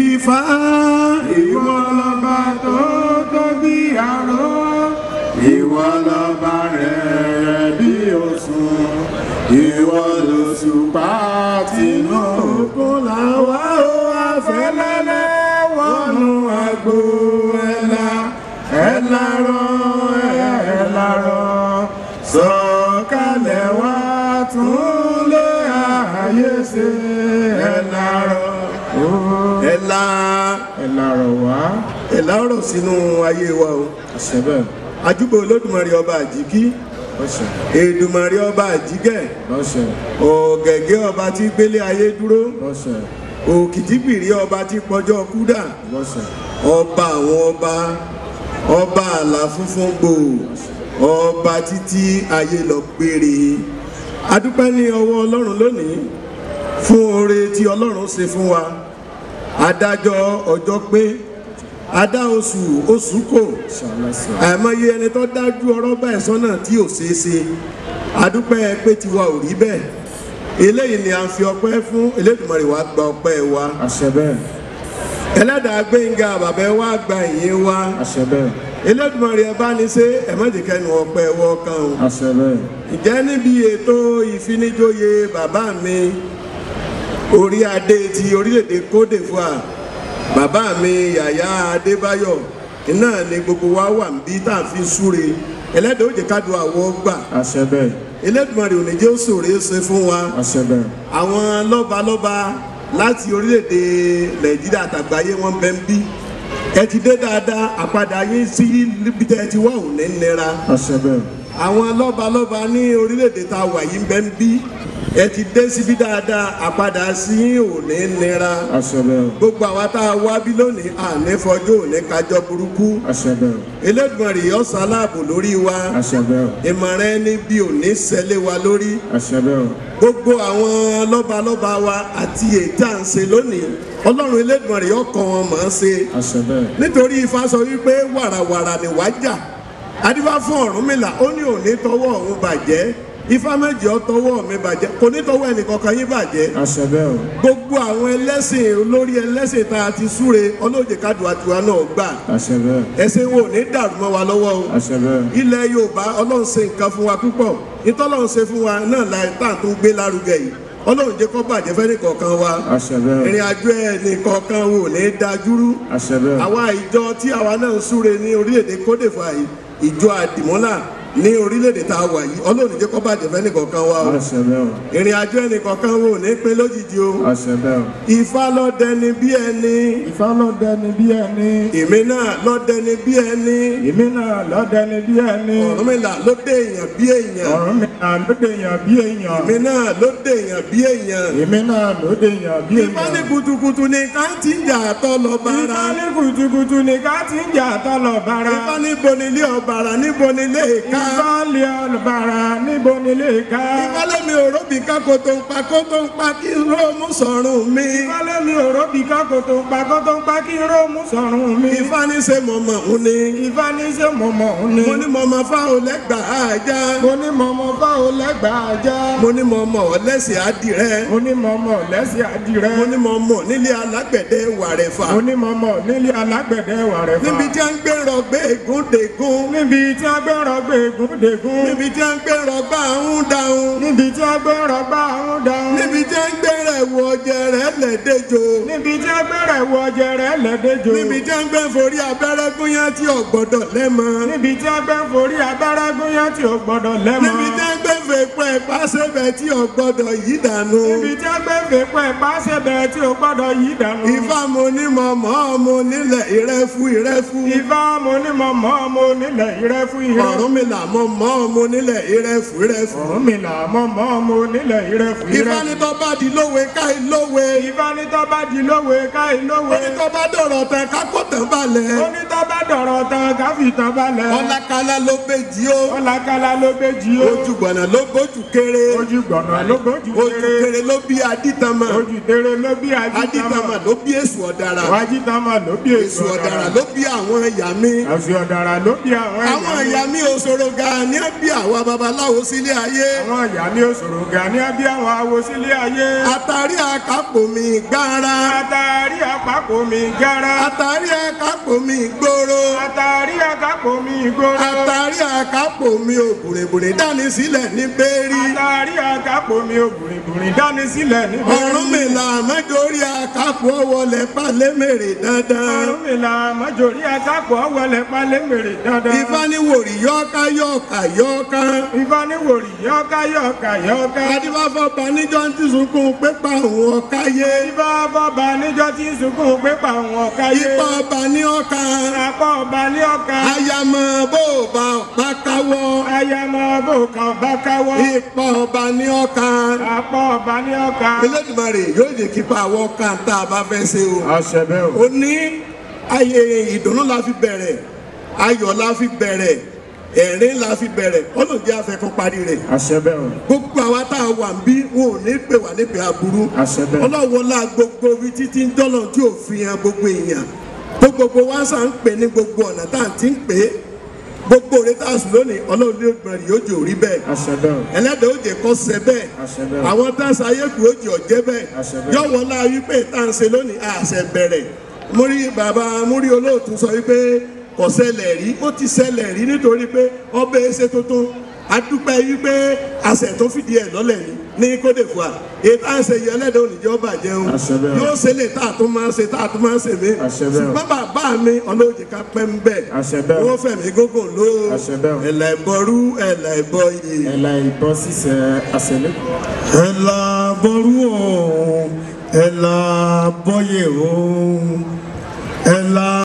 Ifá ìwọ lọba tó tóbi àró ìwọ lọba rẹ̀ rẹ̀ bí òṣùn ìwọ lòṣùpá tìǹbù òkun làwa ó àfẹ́lẹ́lẹ́ wọnú sọ̀kalẹ̀ wá tún ayé ṣe ẹ lárọ̀ oh. ẹ la ẹ lárọ̀ wá ẹ lárọ̀ sínú ayé wa o. àṣẹbẹ̀. àjúbà olódùmarè ọba àjíkí èdùmarè ọba àjíkẹ́ ọ̀gẹ̀gẹ̀ ọba tí gbélé ayé dúró òkìtìbìrì ọba tí pọjọ́ kúdà ọba àwọn ọba ọba àlà funfun gbò ọba títí ayé lọ gbére adúpẹ́ ní ọwọ́ ọlọ́run lónìí fún oore tí ọlọ́run ṣe fún wa adájọ́ ọjọ́ pé adá oṣù oṣù kò àìmọye ẹni tó dájú ọ̀rọ̀ báyìí sọ́nà tí ò ṣeé ṣe adúpẹ́ pé tiwa ò rí bẹ́ẹ̀ eléyìí ni a ń fi ọpẹ́ fún Elédùmarè wa gba ọpẹ́ wa. àṣẹ bẹ́ẹ̀. ẹlẹ́dàá gbẹ̀ngà bàbá wa gba ìyìn wa. àṣẹ bẹ́ẹ̀. Elédùmarè ẹ bá ní ṣe ẹ̀mẹ́dìkẹ́nu ọpẹ́ wọ kan o. àṣẹ bẹ́ẹ̀. ǹjẹ́ níbi ètò ìfinijóye bàbá mi orí adé ti orílẹ̀-èdè Côte d'Ivoire bàbá mi Yàyà Adébáyọ̀ iná ni gbogbo wa wà níbí tá a fi súre ẹlẹ́dàá ó jẹ́ ká dùn àwọ̀ gbà. àṣẹ bẹ́ẹ̀. Elédùmarè ò ní jẹ́ ó ṣòro ṣe fún wa. àṣẹ bẹ́ẹ̀. àwọn lọ́balọ́ba láti orílẹ̀-èdè Nàìjíríà àtàgbáyé wọn bẹ́ ń bí ẹ ti dé dáadáa àpadà yín sí ibi tẹ́ ẹ ti wá òun nira. àwọn lọ́balọ́ba ní orílẹ̀-èdè tá a wà yìí ń ń bí ẹ ti dé síbi dáadáa àpadà sí òní nira gbogbo àwa tá a wá bí lónìí àní fọjọ́ òní kájọ burúkú Elédùmarè yọ sáláàbò lórí wa ìmọ̀ràn ẹni bí òní sẹ́lẹ̀ wa lórí gbogbo àwọn lọ́balọ́ba wa àti ètà ń ṣe lónìí ọlọ́run Elédùmarè yọ kàn wọ́n mọ̀ ọ́n ṣe nítorí ifá sọ wípé wàràwàrà ni wàá jà adíbá fún Ọ̀rúnmìlà ó ní òní tọwọ́ òun bàjẹ́ ifá méjì ọtọwọ mi bàjẹ́ kò ní tọwọ́ ẹnìkankan yín bàjẹ́. àṣẹbẹ o. gbogbo àwọn ẹlẹ́sìn olórí ẹlẹ́sìn tá a ti súre ọlọ́jẹ̀ kádùátùá náà gbà. àṣẹbẹ. ẹ̀sìn wo ní dàrú mọ́ wa lọ́wọ́ o. àṣẹbẹ. ilẹ̀ yorùbá ọlọ́run ṣe nǹkan fún wa púpọ̀ ìtọ́lọ́run ṣe fún wa náà la tá à ń tún gbé lárugẹ yìí ọlọ́run jẹ́ kó bàjẹ́ fẹ́ni kọ̀ọ̀kan wa ìrìn àjò ẹni kọ̀ọ̀kan wò ní dajúrú àwa ìjọ tí àwa náà ń súre ní orílẹ̀-èdè kódèfà yìí ìjọ àdìmọ́là ní orílẹ̀-èdè tá a wà yìí ọlọ́run jẹ́ kó fẹ́ nìkọ̀ọ̀kan wa o ìrìn àjò ẹnìkọ̀ọ̀kan wo ní pé lójijì o ìfá lọ́dẹni bí ẹni ìfá lọ́dẹni bí ẹni èmi lọ́dẹni bí ẹni èmi lọ́dẹni bí ẹni ọ̀rúnmìlà ló èèyàn bí èèyàn ọ̀rúnmìlà ló èèyàn bí èèyàn èmi náà èèyàn bí èèyàn èmi náà èèyàn bí èèyàn ìfá ní kutukutu ni ká ti ń jà àtọ́ lọ bára ìfá ní kutukutu ni ká ti ń jà àtọ́ lọ bára ìfá níbo nílé ọ̀bàrà níbo nílé ìka Àbálẹ̀ àlùbàrà níbo nílé ká. Ìbálẹ̀ mi ò róbì ká kó tó ń pa kó tó ń pa kí n ró mú sọ̀rùn mi. Ìbálẹ̀ mi ò róbì ká kó tó ń pa kó tó ń pa kí n ró mi. Ìfánisẹ́ mọ̀mọ́ òun ni. Ìfánisẹ́ mọ̀mọ́ òun ni. Mo ní mọ̀mọ́ fáwọn lẹ́gbàá ajá. Mo ní mọ̀mọ́ fáwọn lẹ́gbàá ajá. Mo ní mọ̀mọ́ ọ̀lẹ́sìn adìrẹ. Mo ní mọ̀mọ́ ọ̀lẹ́sìn adìrẹ. Mo ní mọ̀mọ́ nílé dègún dègún. níbi tí a ń gbé rọgbà ń dáhùn. níbi tí a ń gbé rọgbà ń dáhùn. níbi tí a ń gbé rẹ̀wọ̀ ọ̀jẹ̀ rẹ̀ lẹ́dẹ̀jọ. níbi tí a ń gbé rẹ̀wọ̀ ọ̀jẹ̀ rẹ̀ lẹ́dẹ̀jọ. níbi tí a ń gbé forí abẹ́rẹ́ gúnyán tí ò gbọ́dọ̀ lẹ́mọ. níbi tí a ń gbé forí abẹ́rẹ́ gúnyán tí o gbọ́dọ̀ lẹ́mọ. níbi tí a ń gbé fèpọ̀ ẹ̀pá sẹ́bẹ̀ tí ò gbọ́dọ̀ yí dànù. níbi tí a ń gbé fèpọ̀ ẹ̀pá mọ mọ ọmọ onílẹ̀ ìrẹ̀fù ìrẹ̀fù. Ọ̀rúnmìlà mọ mọ ọmọ onílẹ̀ ìrẹ̀fù ìrẹ̀fù. ìfanitọ́ bá di lówe káì lówe. ìfanitọ́ bá di lówe káì lówe. onítọ́ bá dọ̀rọ̀ tán kákó tán balẹ̀. onítọ́ bá dọ̀rọ̀ tán káfí tán balẹ̀. ọlákálá ló bèjì o. ọlákálá ló bèjì o. ojúgbọ̀nà ló gbójú kéré. ojúgbọ̀nà ló gbójú kéré. ojú kéré ló bí adítama. ojú kéré ló bí òṣòro gan ni á bí babaláwo sílé ayé. àwọn àyà ni òṣòro gan ni á àwọn awo sílé ayé. àtàrí àkàpò mi gara. àtàrí àkàpò mi gara. àtàrí àkàpò mi gbòòrò. àtàrí àkàpò mi gbòòrò. àtàrí àkápò mi ò bùrìbùrì dání sílẹ̀ ní bẹ́ẹ̀rí. àtàrí àkápò mi ò bùrìbùrì dání sílẹ̀ ní bẹ́ẹ̀rí. Ọ̀rúnmìlà mẹ́jọ́rí àkápò wọlé palémèrè dandan. Ọ̀rúnmìlà mẹ́jọ́rí àkápò dandan. ìfaniwòrì yọ́ká yọ́ká yọ́ká. ìfaniwòrì yọ́ká yọ́ká yọ́ká. adibafọ banijọ ti sunkún pépà àwọn ọ̀ka yé. adibafọ banijọ ti ọba ọba káwọ́. ayamọ bòkà ọba káwọ́. ipò ọba ní ọ̀ka. apá ọba ní ọ̀ka. Elédùmarè yóò jẹ́ kípa àwọ̀ ọ̀ka tá a bá fẹ́ ṣe o. àṣẹ bẹ́ẹ̀ o. o ní ayé ìdùnnú la fi bẹ̀rẹ̀ ayọ̀ la fi bẹ̀rẹ̀ ẹ̀rín la fi bẹ̀rẹ̀ ọlọ́run jẹ́ afẹ́kọ́ parí rẹ̀. àṣẹ o. gbogbo àwa tá a wà ń bí wọn ò ní pè wá nípe aburú. àṣẹ o. ọlọ́run gbogbo ibi gbogbo rẹ tá a sùn lónìí ọlọ́run ní ìgbà yóò jò rí bẹ́ẹ̀ ẹlẹ́dàá ó jẹ kọ́ sẹ bẹ́ẹ̀ àwọn tá a sọ ayéku ó jẹ ọ̀jẹ́ bẹ́ẹ̀ yọ̀wọ́ la wípé tá a ń ṣe lónìí àṣẹ bẹ̀rẹ̀ múrí bàbá múrí olóòtú sọ wípé kò ṣẹlẹ̀ rí ó ti ṣẹlẹ̀ rí nítorí pé ọbẹ̀ ẹsẹ̀ tuntun adúpẹ́ wípé àṣẹ tó fìdí ẹ̀ lọ́lẹ̀ ni ní Côte d'Ivoire ètò àṣẹ yìí ẹlẹ́dẹ̀ oníjẹ́ ọba jẹun yóò ṣe lè tá a tún máa ṣe tá a tún máa ṣe mí ṣùgbọ́n bàbá mi ọlọ́ọ̀jì ká pẹ́ ń bẹ̀ yóò fẹ̀mí gógùn ló ẹ̀là ìbọrú ẹ̀là ìbọ yìí. ẹ̀là ìbọ sísẹ àṣẹlẹ. ẹ̀là bọ́rú o ẹ̀là bọ́yẹ̀ o ẹ̀là.